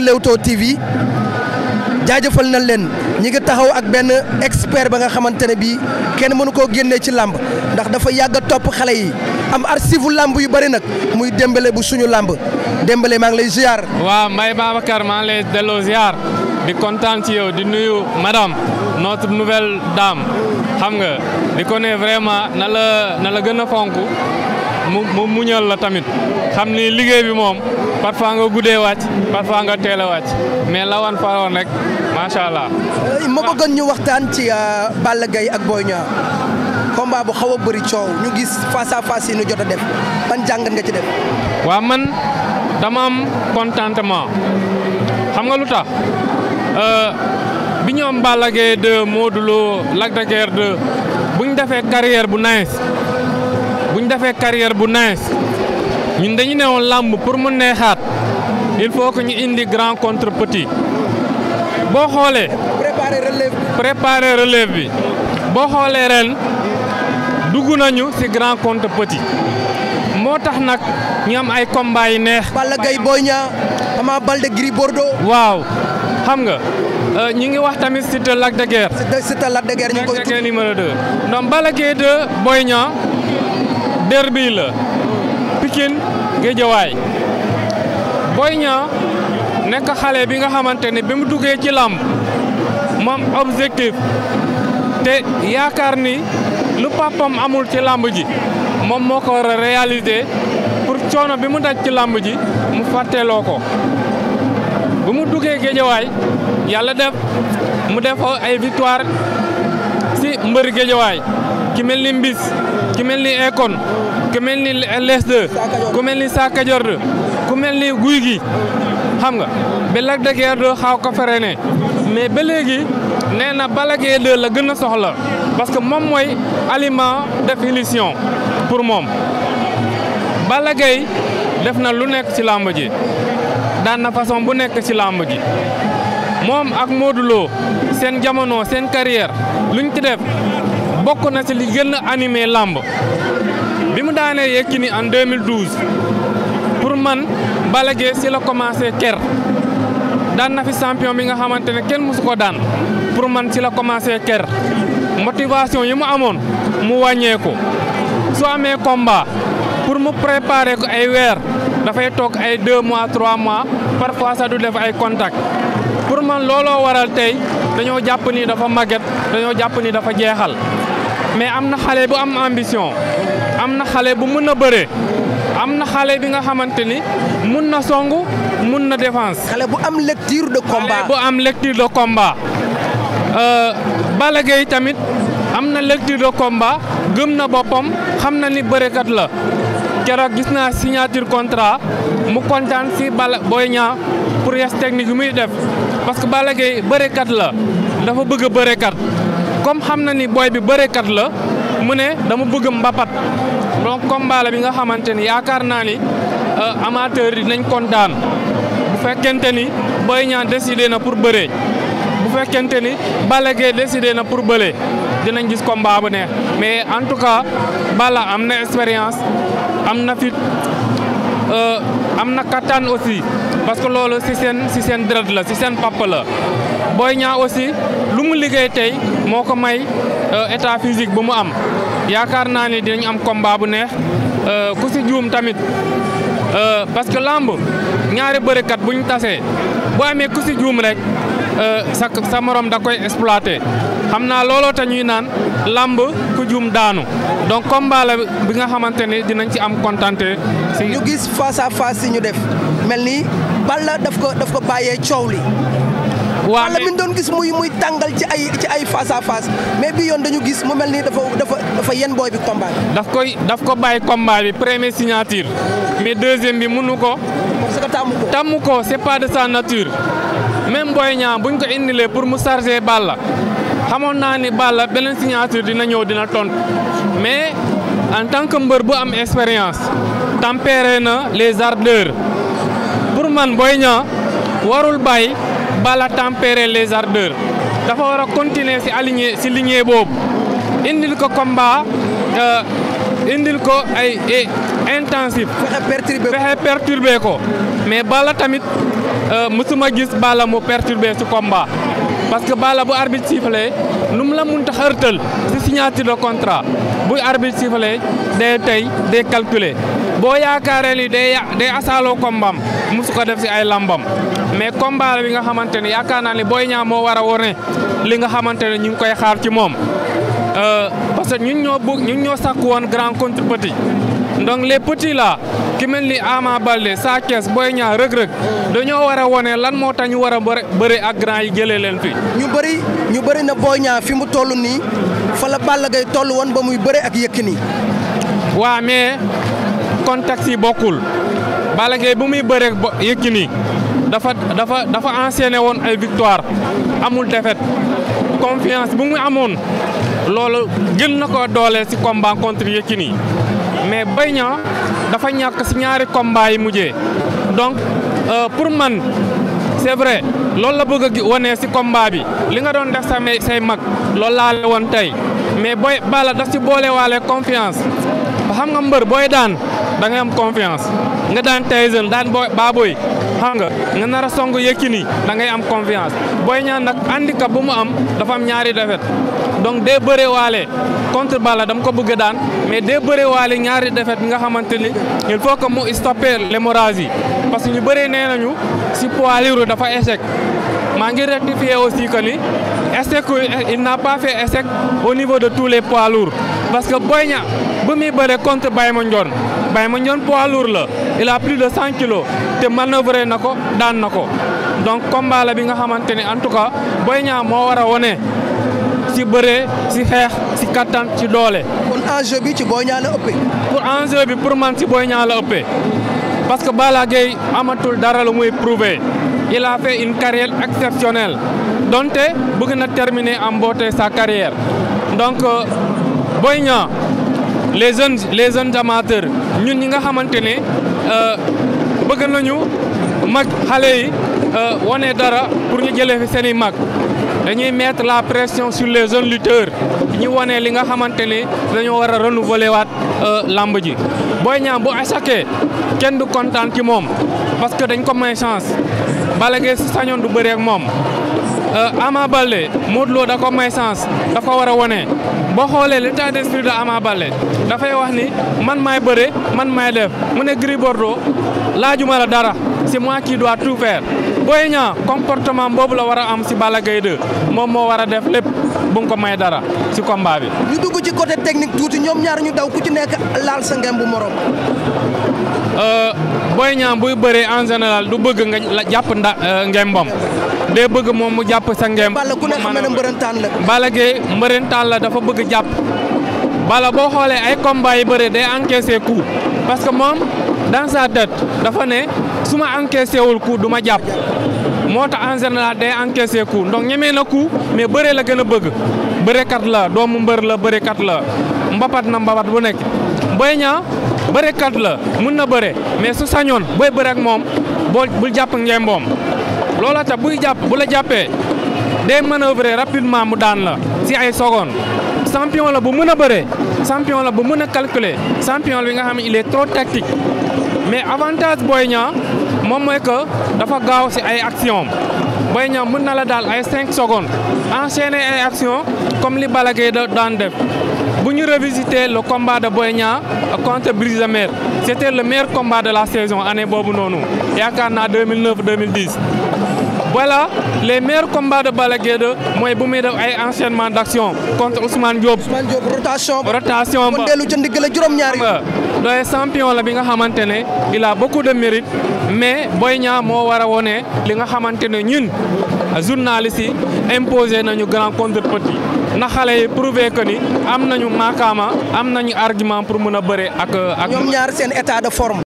ñu Leewtoo TV jaajëfal na leen ñi ngi taxaw ak benn expert ba nga xamante ne bii kenn mënu koo génnee ci làmb ndax dafa yàgg topp xale yi am archive làmb yu bari nag muy Dembélé bu suñu làmb Dembélé maa ngi lay ziar. waa Mbaye Babacar maa ngi lay delloo ziar di kontaan ci yow di nuyu madame notre nouvelle dame xam nga di ko ne vraiment na la na la gën a fonk mu mu muñal la tamit xam ni liggéey bi moom parfois nga guddee wàcc parfois nga teel a wàcc mais lawan faroon rek macha allah. ma ñu waxtaan ci euh, Balla Gaye ak Boy Niang combat bu xaw a bëri coow ñu gis face à jot a def ban jàngat nga ci def. waaw man dama am contentement xam nga lu tax euh, bi ñoom Balla Gaye 2 Modou Lo Lac de Guiers buñ defee carrière bu nice defee carrière bu nice ñun dañu ne woon làmb pour mu neexaat il faut que ñu indi grand contre petit boo xoolee. préparer relève bi boo xoolee ren dugg nañu ci grand contre petit moo tax nag ñu am ay combats yu neex. Balla Gaye Boy Niang Ama Baldé Gris Bordeaux. waaw xam nga. Euh, ñu ngi wax tamit Siteu Lac de Guière. Siteu Lac de Guière ñu ngi koy tudd numéro 2. donc Boy Niang derby la Pikine Géejawaay Boy Niang nekk xale bi nga xamante ne bi mu duggee ci làmb moom objectif te yaakaar ni lu papam amul ci làmb ji moom moo ko war a réaliser pour coono bi mu daj ci làmb ji mu fàtteeloo ko bu mu duggee géejawaay yàlla def mu def ay victoire si mbër géejawaay ki mel ni ki mel ni Ekon ku mel ni Les 2 ni mel kajoor Sakajor ku mel ni Guy gi xam nga ba Lac de Guiers xaw ko freiné mais ba léegi nee na Balla la gën a soxla parce que moom mooy aliment de finition pour moom Balla def na lu nekk ci làmb ji daan na façon bu nekk ci làmb ji moom ak Modou seen jamono seen lu luñ ci def bokk na ci li gën a animé làmb bi mu daanee Yékini en 2012 pour man Balla Gaye si la commencé ker daan na fi champion bi nga xamante ne kenn mësu ko daan pour man si la commencé ker motivation yi mu amoon mu wàññeeku soo amee combat pour mu préparer ko ay weer dafay toog ay 2 mois 3 mois parfois sax du def ay contact pour man looloo waral tey dañoo jàpp ni dafa màgget dañoo jàpp ni dafa jeexal mais am na xale bu am ambition am na xale bu mën a bëree am na xale bi nga xamante ni mun na songu mun na défense. xale bu am lecture de combat bu am lecture de combat. Euh, Balla Gaye tamit am na lecture de combat gëm na boppam xam na ni bërekat la keroog gis naa signature contrat mu kontaan si Balla Boy Niang prouesse technique muy def parce que Balla Gaye la dafa bëgg a bërekat. comme xam na ni booy bi bërekat la mu ne dama bëgg mbapat donc combat la bi nga xamante ni yaakaar naa ni euh, amateur yi nañ kontaan bu fekkente ni booy Niang décidé na pour bëree bu fekkente ni Balla Gaye décidé na pour bëlee dinañ gis combat bu mais en tout cas Balla am na expérience am na fit euh, am na kattan aussi parce que loolu si seen si seen dërët la si seen papp la Boy Niang aussi lu mu liggéey tey moo ko may euh, état physique bu mu am yaakaar naa ni dinañ am combat bu neex euh, ku si juum tamit euh, parce que lamb ñaari bërikat bu ñu tasee bu amee ku si juum rek sa sa morom da koy exploité xam naa looloo tañuy naan lamb ku juum daanu donc combat bi nga xamante ni dinañ ci am contenté si ñu gis face à si ñu def mel ni Balla daf ko daf ko bàyyee coow li wala min doon gis muy muy tàngal ci ay ci ay face à face mais bi yoon dañu gis mu mel ni dafa dafa dafa yen booy bi combat bi. daf koy daf ko bàyyi combat bi premier signature. mais deuxième bi mënu ko. parce que tàmmu ko tàmmu ko c'est pas de sa nature. même Boy Niang buñ ko indilee pour mu charger la xamoon naa ni Balla beneen signature dina ñëw dina tontu mais en tant que mbër bu am expérience tempéré na les ardeurs pour man Boy Niang warul bàyyi bala tempérer les ardeurs dafa war a continuer si aligné si lignée boobu indil ko combat euh, indil ko ay intensif fexe perturbé ko mais bala tamit euh, mësuma gis bala mu perturbé si combat parce que bala bu arbitre sifflé nu mu la munta xërtal si signature de contrat buy arbitre sifflé day tey day calculer boo yaakaaree li day day asaaloo kombaam mosu ko def si ay lambam mais combat bi nga xamante ni yaakaar naa ne Boy Niang moo war a wone li nga xamante ne ñu ngi koy xaar ci moom. Euh, parce que ñu ñoo bëgg ñun ñoo sàkk woon grand contre petit donc les petits là ki mel ni Ama Baldé Sa booy ñaa Niang Reug Reug dañoo war a wone lan moo tax ñu war a bëri ak grand yi jëlee leen fii. ñu bëri ñu bëri na Boy Niang fi mu toll nii fa la Balla Gaye toll woon ba muy bëri ak Yékini. waaw mais contexte yi bokkul Balla bu muy bëreeg ba Yékini dafa dafa dafa enchaîné woon ay victoire amul défaite confiance bu mu amoon loolu gën na ko dooleel ci combat contre Yékini mais Boy Niang dafa ñàkk ci ñaari combat yi mujjee donc euh, pour man c'est vrai loolu la bëgg a wane ci bi li nga doon def sa say mag loolu laa woon tey mais booy Balla daf ci boolewaale confiance ba xam nga mbër booy daan. da ngay am confiance nga daan Tyson daan boo Baboy xam nga nga nar a song Yékini da ngay am confiance booy ñaan nag handicap bu mu am dafa am ñaari défaite donc dee bëree waale contre Balla dam ko bëgg daan mais dee bëree waale ñaari défaite bi nga xamante ni il faut que mu stopper l'hémorragie yi parce que ñu bëree nee nañu si poids lourd dafa échec maa ngi rectifier aussi que ni échec il n'a pas fait échec au niveau de tous les poids lourds parce que Boy Niang ba muy bëre contre Baye Mandione Baye Mandione poids lourd la il a plus de 100 kilos te manœuvré na ko daan na ko donc combat la bi nga xamante ne en tout cas Boy ñaa moo war a wone ci bëree ci xeex ci kattan ci doole. kon enjeu bi ci Boy Niang la ëppee. pour enjeu bi pour man ci Boy Niang la ëpp parce que Balla Gaye amatul dara lu muy prouver il a fait une carrière exceptionnelle donte bëgg na terminer en beauté sa carrière donc euh, Boy Niang les jeunes les jeunes amateurs ñun ñi nga xamante ne euh, bëgg nañu mag xale yi euh, wane dara pour ñu jëlee fi seen i mag dañuy mettre la pression sur les jeunes lutteurs ñu wane li nga xamante ne dañoo war a renouveler waat euh, lamb ji booy Niang bu échoué kenn du kontaan ki moom parce que dañ ko may chance Balla si sañoon du bëree moom. Euh, Ama Baldé Modou Lo da ko may sens daf ko war a wone boo xoolee l'état d'esprit de Ama Baldé dafay wax ni man may bëre man may def mu ne Gris doo laajuma la dara c'est moi qui dois tout faire Boy Niang comportement boobu la war a am si Balla Gaye moom moo war a def lépp bu nga ko may dara si combat bi. ñu dugg ci côté technique tuuti ñoom ñaar ñu daw ku ci nekk laal sa ngem bu morom. Euh, Boy Niang buy bëree en général du bëgg nga la jàpp nda euh, ngembam day bëgg moom mu jàpp sa ngemb. Balla ku ne xam na mbërëntaan la. Balla Gaye mbërëntaan la dafa bëgg jàpp Balla boo xoolee ay combat yi bëree day encaissé coup parce que moom dans sa tête dafa ne su ma encaissé wul coup du ma jàpp moo tax général day encaissé coup donc ñemee na coup mais bëree la gën a bëgg bëreekat la doomu mbër la bëreekat la mbapat na mbapat bu nekk Boy Niang bërekat la mun na bëre mais su sañoon booy bëre ak moom boo bu jàpp ngemboom loola tax buy jàpp bu la jàppee day manœuvrer rapidement mu daan la si ay secondes champion la bu mën a bëre champion la bu mën a calculer champion la bi nga xam ne il est trop tactique mais avantage booy ñaa moom mooy que dafa gaaw si ay action Boy Niang mën na la daal ay 5 secondes enchaîner ay action comme li Balla Gaye daan def bu ñu revisiter le combat de Boy Niang contre Brise de Mer c' était le meilleur combat la saison année boobu noonu yaakaar naa 2009 2010. voilà les meilleurs combats de Balla Gaye 2 mooy bu muy def ay enchaînement d' action contre Ousmane Diop. Ousmane Diop rotation ba rotation ba mu dellu la juróom-ñaar yi. doy champion bi nga xamante ne il a beaucoup mais Boy Niang moo war a wone li nga xamante ne ñun journaliste yi imposé nañu grand contre petit. na xale yi prouver que ni am nañu maakaama am nañu argument pour mën a bëre ak ak. ñoom ñaar seen état de forme.